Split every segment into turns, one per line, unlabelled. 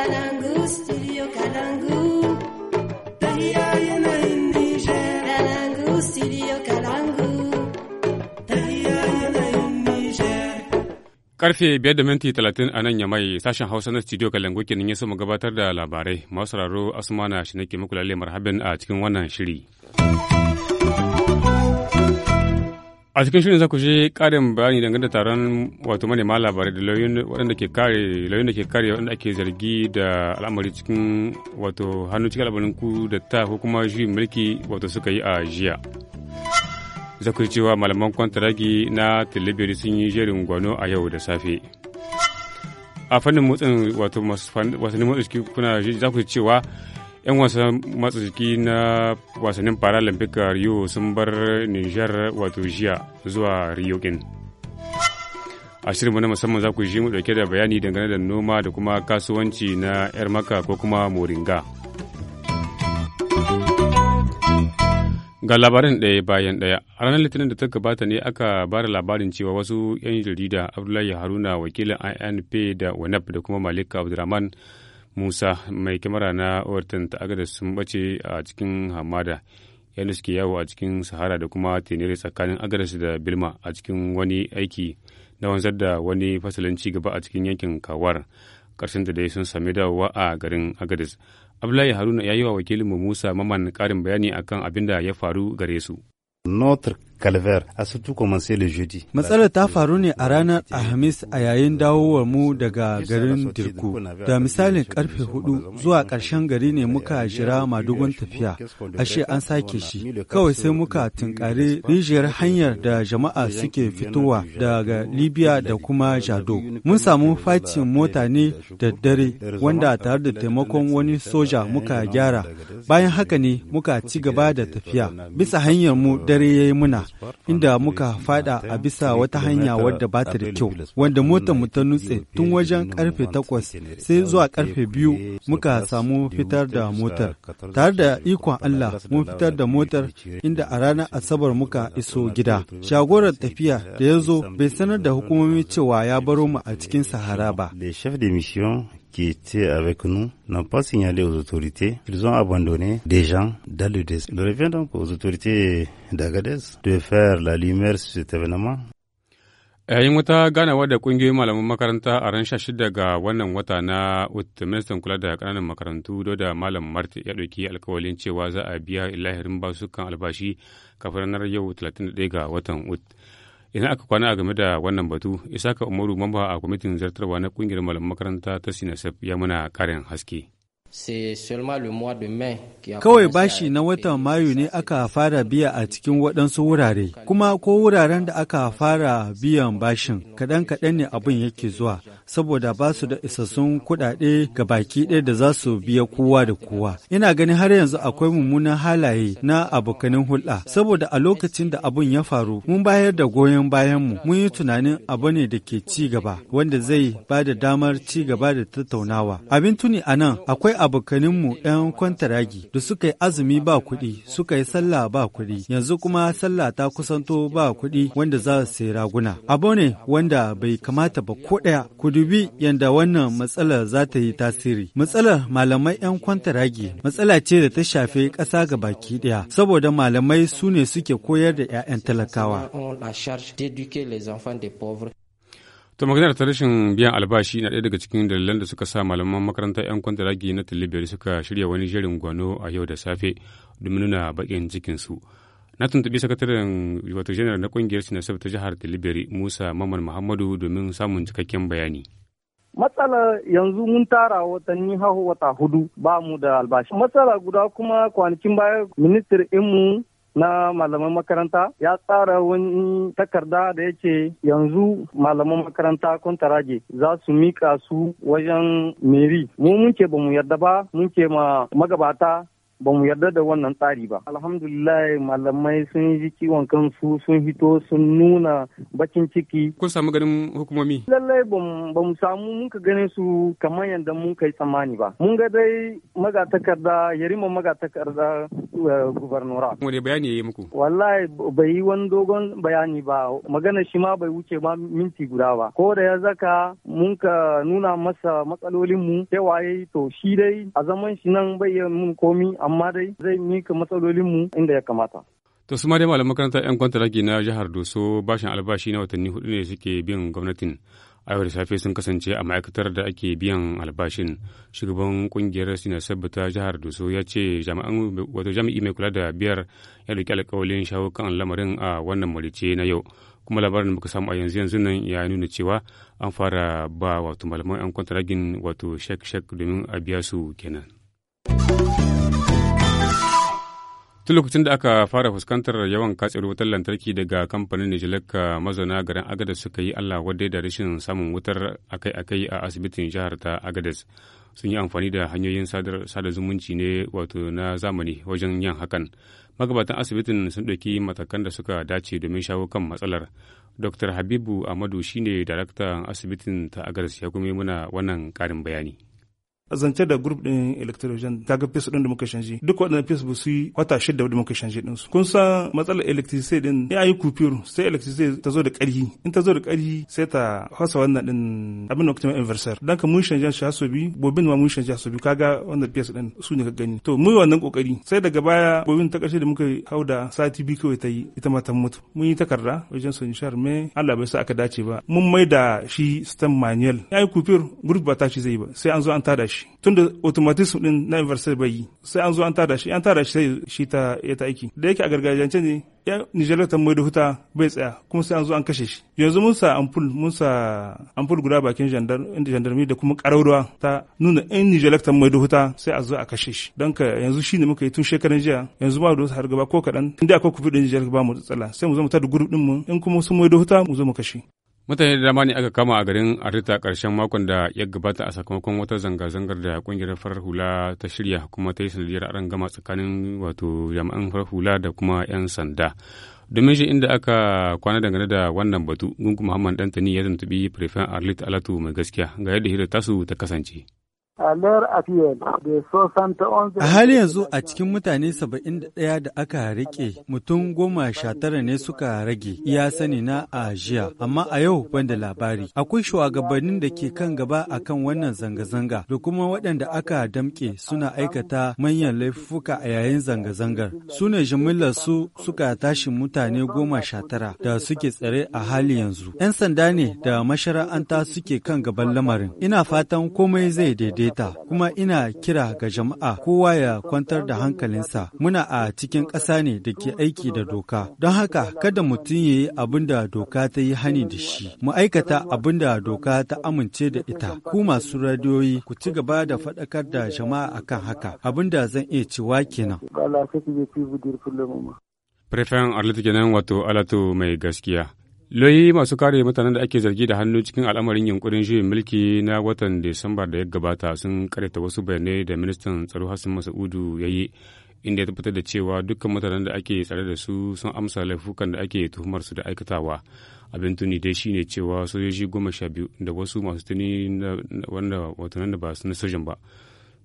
Kalangu, studio Kalangu. Kalangu, studio Kalangu.
Karfe biyar da minti talatin a nan yamai sashen Hausa na studio Kalangu kenan ya mu gabatar da labarai. Masu raro Asmana shi nake muku lalle marhaban a cikin wannan shiri. a cikin shirin za ku je karin bayani dangane da taron wato manema labarai da lauyoyin waɗanda ke kare lauyoyin da ke kare waɗanda ake zargi da al'amari cikin wato hannu cikin al'amarin ku da ta ko kuma juyin mulki wato suka yi a jiya za ku cewa malaman kwantaragi na tilibiri sun yi jerin gwano a yau da safe a fannin motsin wato wasannin motsa jiki kuna za ku cewa 'yan wasan matsa jiki na wasannin paralympic rio sun bar nijar wato jiya zuwa rio din a shirinmu na musamman za ku ji mu dauke da bayani dangane da noma da kuma kasuwanci na 'yar maka ko kuma moringa ga labarin ɗaya bayan ɗaya a ranar litinin da ta gabata ne aka ba da labarin cewa wasu 'yan jarida abdullahi haruna wakilin inp da wanaf e da kuma malika abdulrahman musa mai kyamara na orton ta agada sun bace a cikin hamada yadda suke yawo a cikin sahara da kuma tenere tsakanin agadas da bilma a cikin wani aiki na wanzar da wani fasalin ci gaba a cikin yankin kawar karshen da dai sun sami dawowa a garin agadas abdullahi haruna ya yi wa wakilinmu musa maman karin bayani akan abin da ya faru gare su
north calvaire a surtout commencé le jeudi.
Matsalar ta faru ne a ranar Alhamis a yayin dawowar mu daga garin Dirku. Da misalin karfe hudu zuwa karshen gari ne muka jira madugun tafiya, ashe an sake shi. Kawai sai muka tunkari rijiyar hanyar da jama'a suke fitowa daga Libya da kuma Jado. Mun samu facin mota ne da dare wanda tare da taimakon wani soja muka gyara. Bayan haka ne muka ci gaba da tafiya. Bisa hanyar mu dare ya yi muna. inda muka fada a bisa wata hanya wadda ba ta da kyau wanda motar mu ta nutse tun wajen karfe takwas sai zuwa karfe biyu muka samu fitar da motar tare da ikon Allah mun fitar da motar inda a ranar asabar muka iso gida shagorar tafiya da ya zo bai sanar da hukumomi cewa ya baro mu a cikin sahara ba
qui étaient avec nous n'ont pas signalé aux autorités qu'ils ont abandonné des gens dans le désert. Il revient donc aux autorités d'Agadez de faire la lumière sur cet événement.
yayin eh, wata ganawa da kungiyoyin malaman makaranta a ran 16 ga wannan wata na ut ministan kula da kananan makarantu do da malam marti ya ɗauki alkawalin cewa za a biya lahirin basukan albashi kafin ranar yau 31 ga watan ut Ina aka kwana a game da wannan batu, Isaka Umaru mamba a kwamitin zartarwa na kungiyar malam makaranta ta Sinasef ya muna karin haske.
Kawai
bashi na watan Mayu ne aka fara biya a cikin waɗansu wurare, kuma ko wuraren da aka fara biyan bashin kaɗan-kaɗan ne abin yake zuwa, saboda ba su da isassun kuɗaɗe ga baki ɗaya da za su biya kowa da kowa. Ina ganin har yanzu akwai mummunan halaye na abokanin hulɗa, saboda a lokacin da abin ya faru, mun bayar da goyon bayanmu, mun yi tunanin abu ne da ke ci gaba, wanda zai ba da damar ci gaba da tattaunawa. Abin tuni a nan akwai abokaninmu 'yan kwantaragi da suka yi azumi ba kuɗi, suka yi sallah ba kuɗi, yanzu kuma sallah ta kusanto ba kuɗi wanda za su sayi raguna. Abu ne wanda bai kamata ba ko ɗaya. Ku dubi yadda wannan matsalar za ta yi tasiri. Matsalar malamai 'yan kwantaragi matsala ce da ta shafi ƙasa ga baki ɗaya, saboda malamai su ne suke koyar da 'ya'yan talakawa.
ta maganar ta rashin biyan albashi na ɗaya daga cikin dalilan da suka sa malaman makarantar 'yan kwantaragi na talibiyar suka shirya wani jerin gwano a yau da safe domin nuna baƙin cikinsu na tuntuɓi sakataren wato janar na ƙungiyar sinasab ta jihar tilibiri musa maman muhammadu domin samun cikakken bayani
matsala yanzu mun tara watanni hahu wata hudu ba mu da albashi matsala guda kuma kwanakin baya ministir inmu na malaman makaranta ya tsara wani takarda da yake yanzu malaman makaranta kontarage za su mika su wajen meri mu muke ba mu yarda ba muke ma magabata ba mu
yarda da wannan tsari ba
alhamdulillah malamai sun yi kiwon kansu sun hito sun nuna bakin ciki
kun samu ganin hukumomi
lallai ba mu samu mun ka ganin su kamar yadda mun kai tsammani ba mun ga dai magatakarda yarima takarda eh, gubernura
mu ne bayani yi muku
wallahi bai yi wani dogon bayani ba magana shi ma bai wuce ma minti guda ba ko da ya zaka mun ka nuna masa matsalolin mu cewa yayi to shi dai a zaman shi nan bai yi mun komi amma dai zai mika matsalolinmu inda ya kamata.
To su ma dai malam makaranta 'yan kwantaragi na jihar Doso bashin albashi na watanni hudu ne suke biyan gwamnatin. A yau da safe sun kasance a ma'aikatar da ake biyan albashin. Shugaban kungiyar sina sabbata jihar Doso ya ce wato jami'i mai kula da biyar ya dauki alkawalin shawo kan lamarin a wannan marice na yau. Kuma labarin da muka samu a yanzu yanzu nan ya nuna cewa an fara ba wato malaman 'yan ragin wato shek-shek domin a biya su kenan. tun lokacin da aka fara fuskantar yawan katsewar wutar lantarki daga kamfanin nijilaka mazauna garin agadas suka yi allah wadai da rashin samun wutar akai-akai a asibitin jihar ta agadas sun yi amfani da hanyoyin sada zumunci ne wato na zamani wajen yin hakan magabatan asibitin sun ɗauki matakan da suka dace domin shawo kan matsalar dr habibu amadu shine daraktan asibitin ta agadas ya kuma muna wannan ƙarin bayani
zance da group din electrogen kaga fesu din da muka shanje duk waɗannan fesu ba su yi wata shida da muka shanje din su kun san matsalar electricity din ya yi kufiru sai electricity ta zo da ƙarfi in ta zo da ƙarfi sai ta hasa wannan din abin da kuma inverter dan ka mun shanje shi haso bi bobin ma mun shanje haso kaga wannan fesu din su ne ka gani to mu wannan kokari sai daga baya bobin ta ƙarshe da muka hau da sati bi kawai ta yi ita ma ta mutu mun yi takarda wajen sun shar me Allah bai sa aka dace ba mun mai da shi stem manual ya yi kufir group ba ta shi zai ba sai an zo an tada shi shi tunda automatism din na universal bai yi sai an zo an tada shi an tada shi sai shi ta ya ta aiki da yake a gargajiyance ne ya nijar ta mai da huta bai tsaya kuma sai an zo an kashe shi yanzu mun sa ampul mun sa ampul guda bakin gendarmi da kuma ƙararwa ta nuna in nijar ta mai da huta sai a zo a kashe shi don ka yanzu shine muka yi tun shekaran jiya yanzu ma da har gaba ko kaɗan inda akwai kufi din nijar ba mu tsala sai mu zo mu tada gurbin mu in kuma sun mai da huta mu zo mu kashe
mutane da dama ne aka kama a garin arita karshen makon da ya gabata a sakamakon wata zanga-zangar da kungiyar farar hula ta shirya kuma ta yi sanadiyar aron gama tsakanin wato jami'an farar hula da kuma 'yan sanda domin shi inda aka kwana dangane da wannan batu gungun muhammad dantani ya zantubi prefen arlit alatu mai gaskiya ga yadda hira tasu ta kasance A hali yanzu a cikin
mutane 71 da aka rike mutum goma sha tara ne suka rage ya sani na a jiya, amma a yau ban da labari. Akwai shugabannin da ke kan gaba akan wannan zanga-zanga da kuma waɗanda aka damƙe suna aikata manyan laifuka a yayin zanga-zangar. Su ne jimillar su suka tashi mutane goma sha tara da suke tsare a hali yanzu. 'Yan sanda ne da mashara'anta suke kan gaban lamarin. Ina fatan komai zai daidai. ta kuma ina kira ga jama'a kowa ya kwantar da hankalinsa muna a cikin ƙasa ne da ke aiki da doka don haka kada mutum ya yi abin da doka ta yi hani da shi mu aikata abin da doka ta amince da ita ku masu radiyoyi ku ci gaba da faɗakar da jama'a akan haka abin da zan iya cewa kenan.
Prefen Arlit kenan wato Alatu mai gaskiya. loyi masu kare mutanen da ake zargi da hannu cikin al'amarin yunkurin juyin mulki na watan Disamba da ya gabata sun karyata wasu bayanai da ministan tsaro Hassan Masaudu ya yi inda ya tabbatar da cewa dukkan mutanen da ake tsare da su sun amsa laifukan da ake tuhumar su da aikatawa. Abin tuni dai shine cewa sojoji goma sha biyu da wasu masu tuni wanda watannin da ba su na sojan ba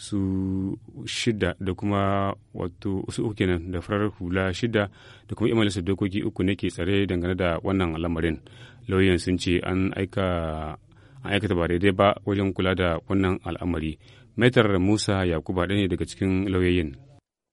su shida da kuma wato su uku kenan da farar hula shida da kuma imalisar dokoki uku ne ke tsare dangane da wannan lamarin lauyan sun ce an aika an aikata ba daidai ba wajen kula da wannan al'amari metar musa yakuba ɗaya ne daga cikin lauyoyin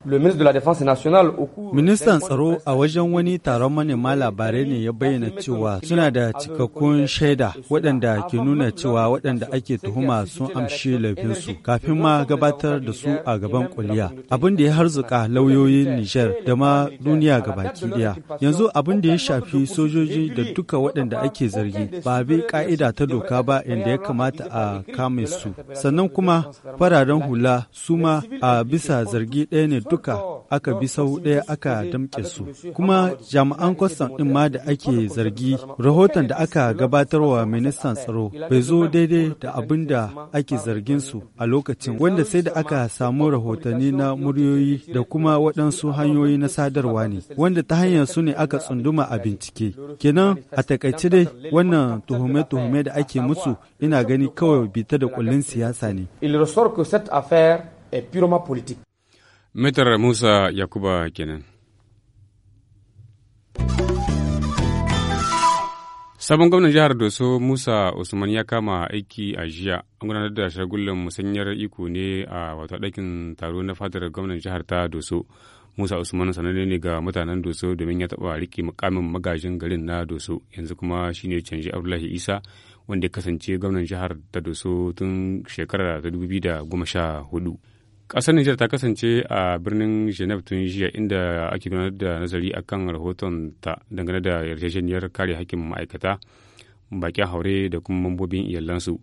Ministan tsaro a wajen wani taron manema labarai ne ya bayyana cewa suna da cikakkun shaida waɗanda ke nuna cewa waɗanda ake tuhuma sun amshi laifinsu kafin ma gabatar da su a gaban kuliya. Abin da ya harzuka lauyoyin Nijar da ma duniya baki ɗaya. Yanzu abin da ya shafi sojoji da duka waɗanda ake zargi ba bi ka'ida ta doka ba inda ya kamata a kame su. Sannan kuma fararen hula su ma a bisa zargi ɗaya ne duka aka bi sau ɗaya aka damƙe su. Kuma jami'an kwastam ɗin ma da ake zargi rahoton da aka gabatarwa ministan tsaro bai zo daidai da abin da ake zargin su a lokacin wanda sai da aka samu rahotanni na muryoyi da kuma waɗansu hanyoyi na sadarwa ne wanda ta hanyar su ne aka tsunduma a bincike. Kenan a takaice dai wannan tuhume-tuhume da ake musu ina gani kawai bita da kullun siyasa ne.
Il ressort que cette affaire est purement politique. Mitar Musa Yakuba kenan. Sabon gwamnan jihar Doso Musa Usman ya kama aiki a jiya an gudanar da shagullan musanyar iko ne a wato ɗakin taro na fadar gwamnan jihar ta Doso. Musa Usman sananne ne ga mutanen Doso domin ya taɓa riƙe mukamin magajin garin na Doso yanzu kuma shine canji Abdullahi Isa wanda ya kasance gwamnan jihar ta Doso tun shekarar sha 2014. Ƙasar Nijar ta kasance a birnin Geneva tun jiya inda ake gudanar da nazari a kan rahoton ta dangane da yarjejeniyar kare hakkin ma'aikata, baƙin haure da kuma mambobin iyalansu.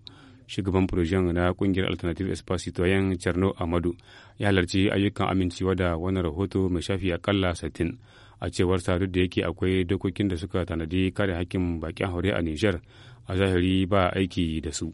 Shugaban Furojen na ƙungiyar Alternative Espace Citoyen Cerno Amadu ya halarci ayyukan amincewa da wannan rahoto mai shafi akalla satin a cewar sa duk da yake akwai dokokin da suka tanadi kare hakkin baƙin haure a Nijar a zahiri ba aiki da su.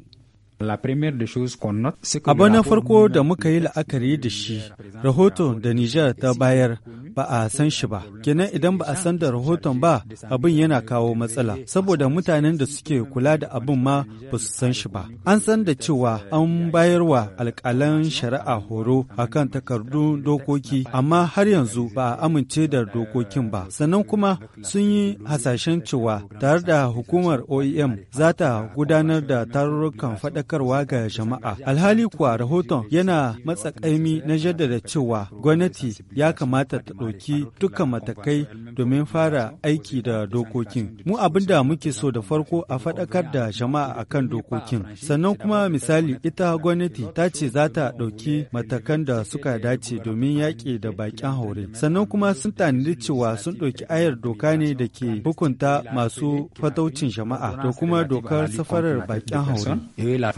Abu na farko
da muka yi la'akari da shi, rahoto da Nijar ta bayar ba a san shi ba. Kenan idan ba a san da rahoton ba, abin yana kawo matsala, saboda mutanen da suke kula da abin ma ba su san shi ba. An san da cewa an bayar wa alƙalan shari'a horo a kan takardun dokoki, amma har yanzu ba a amince da dokokin ba. Sannan kuma sun yi hasashen cewa tare da hukumar OEM za ta gudanar da tarurrukan faɗa sadaukarwa ga jama'a. Alhali kuwa rahoton yana matsakaimi na jaddada cewa gwamnati ya kamata ta ɗauki dukkan matakai domin fara aiki da dokokin. Mu abin da muke so da farko a faɗakar da jama'a akan dokokin. Sannan kuma misali ita gwamnati ta ce za ta ɗauki matakan da suka dace domin yaƙi da baƙin haure. Sannan kuma sun tanadi cewa sun ɗauki ayar doka ne da ke hukunta masu fataucin jama'a da kuma dokar safarar baƙin haure.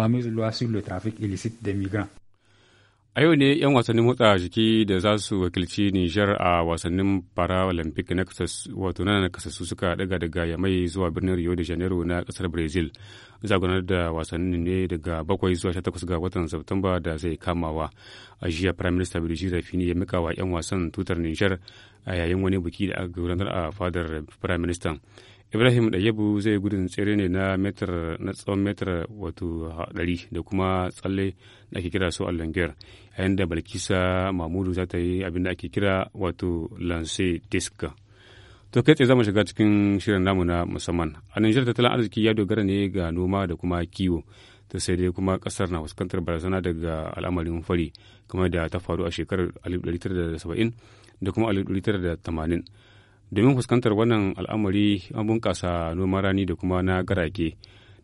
fameuse loi sur le
trafic illicite des migrants. A yau ne 'yan wasannin motsa jiki da za su wakilci Nijar a wasannin Paralympic na wato na kasassu suka daga daga Yamai zuwa birnin Rio de Janeiro na kasar Brazil. Zagunar da wasannin ne daga bakwai zuwa 18 ga watan Satumba da zai kamawa. A jiya Prime Minister Birji Rafini ya mika wa 'yan wasan tutar Nijar a yayin wani biki da aka gudanar a fadar Prime Minister. ibrahim ɗayyabu zai gudun tsere ne na metar na tsawon metar wato ɗari da kuma tsalle da ake kira so allangiyar yayin da balkisa mamudu za ta yi abin da ake kira wato lance disk to kai tsaye zama shiga cikin shirin namu na musamman a nijar tattalin arziki ya dogara ne ga noma da kuma kiwo ta sai dai kuma kasar na fuskantar barazana daga al'amarin fari kamar da ta faru a shekarar 1970 da kuma 1980 domin fuskantar wannan al'amari an bunƙasa noman rani da kuma na garake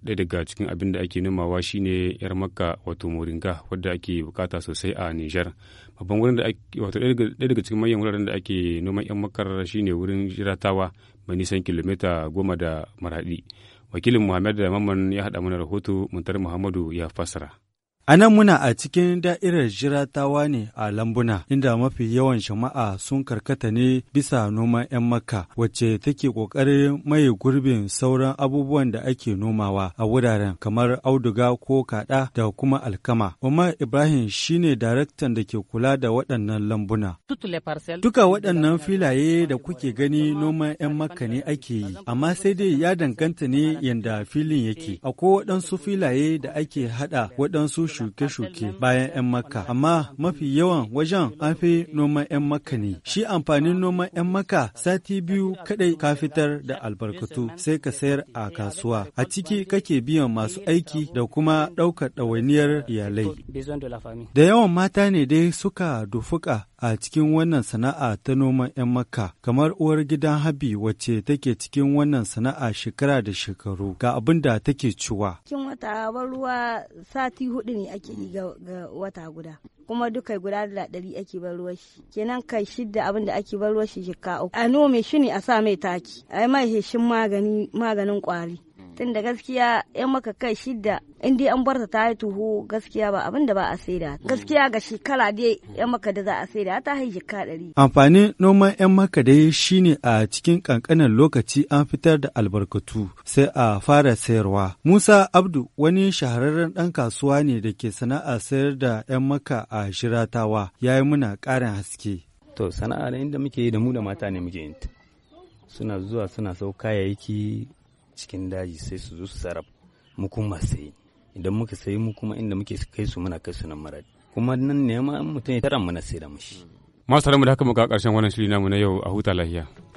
ɗaya daga cikin abin da ake nomawa shine yar makka wato moringa wadda ake bukata sosai a nijar babban wurin da ake wato ɗaya daga cikin manyan wuraren da ake noman yan makar shine wurin jiratawa mai nisan kilomita goma da maraɗi wakilin muhammad da maman ya haɗa mana rahoto muntar muhammadu ya fassara
A nan muna a cikin da'irar jiratawa ne a lambuna, inda mafi yawan jama'a sun karkata ne bisa noman 'yan makka, wacce take ƙoƙarin mai gurbin sauran abubuwan da ake nomawa a wuraren kamar auduga ko kaɗa da kuma alkama. Umar Ibrahim shine daraktan da ke kula da waɗannan lambuna. Duka waɗannan filaye da kuke gani noman 'yan makka ne ake yi, amma sai dai ya danganta ne yadda filin yake. Akwai waɗansu filaye da ake haɗa waɗansu shuke-shuke bayan 'yan maka, amma mafi yawan wajen an fi noman 'yan maka ne. Shi amfanin noman 'yan maka sati biyu kaɗai ka fitar da albarkatu sai ka sayar a kasuwa. A ciki kake biyan masu aiki da kuma ɗaukar ɗawainiyar iyalai. Da yawan mata ne dai suka dufuka a cikin wannan sana'a ta noman 'yan makka kamar uwar gidan habi wacce take cikin wannan sana'a shekara da shekaru ga abin da take cewa.
Cikin wata ruwa sati hudu ne ake yi ga wata guda. kuma duka guda da ɗari ake bar ruwa shi kenan kai shidda abin da ake bar ruwa shi shekara uku a nome shi ne a sa mai taki a yi mai heshin maganin kwari ɗin da gaskiya yan maka kai shidda in dai an barta ta yi tuho gaskiya ba abin da ba a saida gaskiya ga shekara dai yan maka da za a saida ta haihi ka ɗari.
amfanin noman yan maka dai shine a cikin kankanin lokaci an fitar da albarkatu sai a fara sayarwa musa abdu wani shahararren ɗan kasuwa ne da ke sana'a sayar da yan maka a shiratawa ya yi muna ƙarin haske. to sana'a da inda muke yi da mu da mata ne muke yin suna zuwa suna sau kayayyaki cikin daji sai su zo su sarraf mu kuma sai idan muka sayi mu kuma inda muke kai su muna kai su nan maradi kuma nan ne ma mutum ya tara na sai da mushi
masu tare mu da haka muka karshen wannan shiri namu na yau a huta lahiya